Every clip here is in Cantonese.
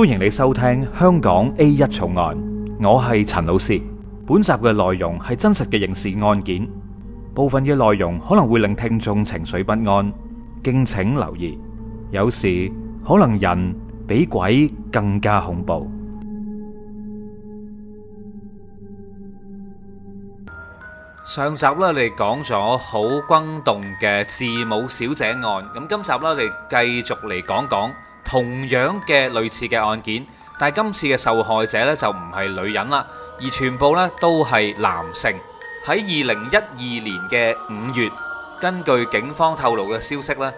歡迎你收聽香港 A 一重案，我係陳老師。本集嘅內容係真實嘅刑事案件，部分嘅內容可能會令聽眾情緒不安，敬請留意。有時可能人比鬼更加恐怖。上集咧，我哋講咗好轟動嘅字母小姐案，咁今集咧，我哋繼續嚟講講。同樣嘅、類似嘅案件，但係今次嘅受害者呢，就唔係女人啦，而全部呢都係男性。喺二零一二年嘅五月，根據警方透露嘅消息呢，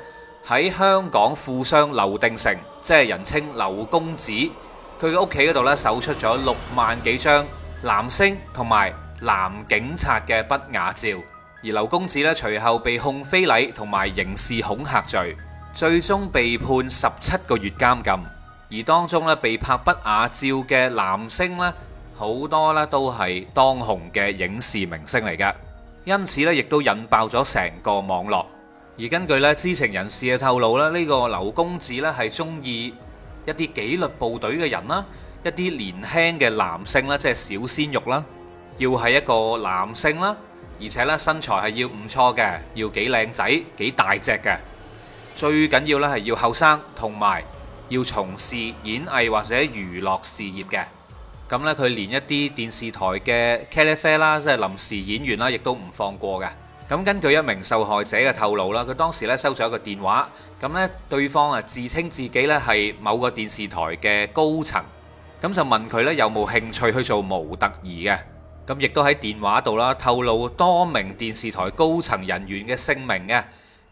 喺香港富商劉定成，即係人稱劉公子，佢嘅屋企嗰度呢，搜出咗六萬幾張男星同埋男警察嘅不雅照。而劉公子隨後被控非禮同埋刑事恐嚇罪，最終被判十七個月監禁，而當中咧被拍不雅照嘅男星咧，好多咧都係當紅嘅影視明星嚟嘅，因此咧亦都引爆咗成個網絡。而根據咧知情人士嘅透露咧，呢個劉公子咧係中意一啲紀律部隊嘅人啦，一啲年輕嘅男星啦，即係小鮮肉啦，要係一個男星啦，而且咧身材係要唔錯嘅，要幾靚仔幾大隻嘅。最緊要咧係要後生，同埋要從事演藝或者娛樂事業嘅。咁咧，佢連一啲電視台嘅茄哩啡啦，即係臨時演員啦，亦都唔放過嘅。咁根據一名受害者嘅透露啦，佢當時咧收咗一個電話，咁咧對方啊自稱自己咧係某個電視台嘅高層，咁就問佢咧有冇興趣去做模特兒嘅。咁亦都喺電話度啦透露多名電視台高層人員嘅姓名嘅。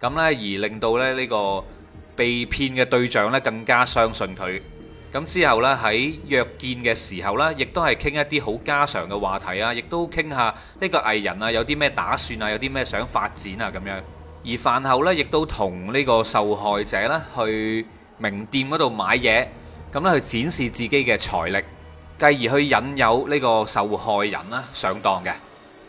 咁咧，而令到咧呢個被騙嘅對象咧更加相信佢。咁之後咧喺約見嘅時候咧，亦都係傾一啲好家常嘅話題啊，亦都傾下呢個藝人啊有啲咩打算啊，有啲咩想發展啊咁樣。而飯後咧，亦都同呢個受害者咧去名店嗰度買嘢，咁咧去展示自己嘅財力，繼而去引誘呢個受害人啦上當嘅。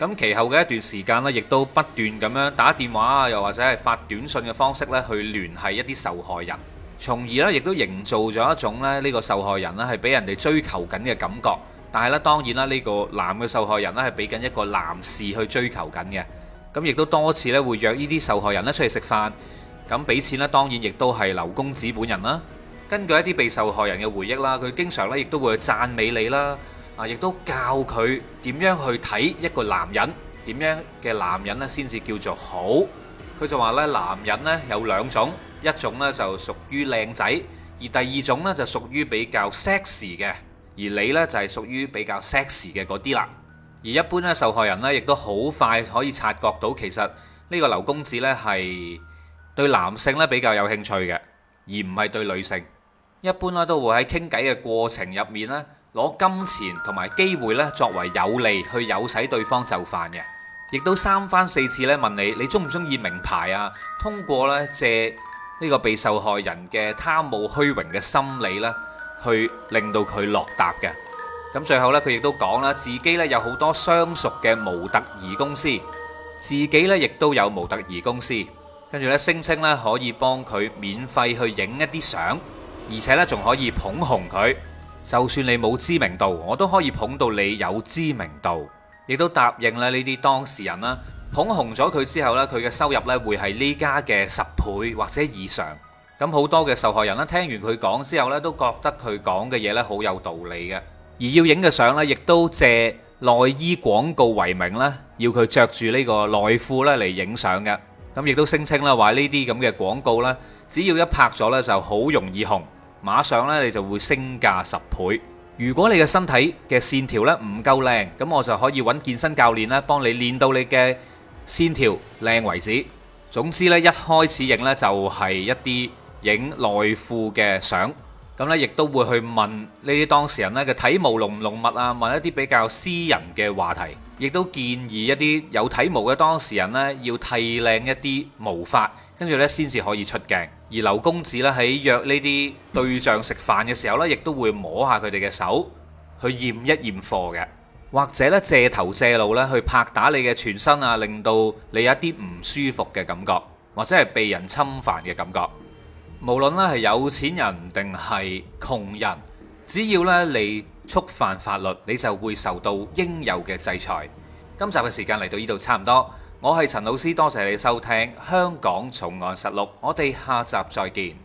咁其後嘅一段時間呢，亦都不斷咁樣打電話啊，又或者係發短信嘅方式呢，去聯繫一啲受害人，從而呢亦都營造咗一種呢呢個受害人呢係俾人哋追求緊嘅感覺。但係呢當然啦，呢個男嘅受害人呢係俾緊一個男士去追求緊嘅。咁亦都多次呢會約呢啲受害人呢出嚟食飯，咁俾錢呢當然亦都係劉公子本人啦。根據一啲被受害人嘅回憶啦，佢經常呢亦都會讚美你啦。啊！亦都教佢點樣去睇一個男人點樣嘅男人咧，先至叫做好。佢就話咧，男人咧有兩種，一種咧就屬於靚仔，而第二種咧就屬於比較 sex 嘅，而你呢，就係屬於比較 sex 嘅嗰啲啦。而一般咧，受害人咧亦都好快可以察覺到，其實呢個劉公子咧係對男性咧比較有興趣嘅，而唔係對女性。一般咧都會喺傾偈嘅過程入面咧。攞金錢同埋機會咧作為有利去誘使對方就範嘅，亦都三番四次咧問你，你中唔中意名牌啊？通過咧借呢個被受害人嘅貪慕虛榮嘅心理咧，去令到佢落答嘅。咁最後咧，佢亦都講啦，自己咧有好多相熟嘅模特兒公司，自己咧亦都有模特兒公司，跟住咧聲稱咧可以幫佢免費去影一啲相，而且咧仲可以捧紅佢。就算你冇知名度，我都可以捧到你有知名度，亦都答應咧呢啲當事人啦，捧紅咗佢之後咧，佢嘅收入咧會係呢家嘅十倍或者以上。咁好多嘅受害人咧，聽完佢講之後咧，都覺得佢講嘅嘢咧好有道理嘅。而要影嘅相咧，亦都借內衣廣告為名咧，要佢着住呢個內褲咧嚟影相嘅。咁亦都聲稱啦，話呢啲咁嘅廣告咧，只要一拍咗咧，就好容易紅。馬上咧，你就會升價十倍。如果你嘅身體嘅線條咧唔夠靚，咁我就可以揾健身教練咧幫你練到你嘅線條靚為止。總之呢，一開始影呢就係一啲影內褲嘅相。咁咧，亦都會去問呢啲當事人咧嘅體毛濃唔濃密啊，問一啲比較私人嘅話題，亦都建議一啲有體毛嘅當事人呢要剃靚一啲毛髮，跟住呢，先至可以出鏡。而劉公子咧喺約呢啲對象食飯嘅時候呢，亦都會摸下佢哋嘅手，去驗一驗貨嘅，或者呢借頭借路呢，去拍打你嘅全身啊，令到你有一啲唔舒服嘅感覺，或者係被人侵犯嘅感覺。無論咧係有錢人定係窮人，只要咧你觸犯法律，你就會受到應有嘅制裁。今集嘅時間嚟到呢度差唔多，我係陳老師，多謝你收聽《香港重案實錄》，我哋下集再見。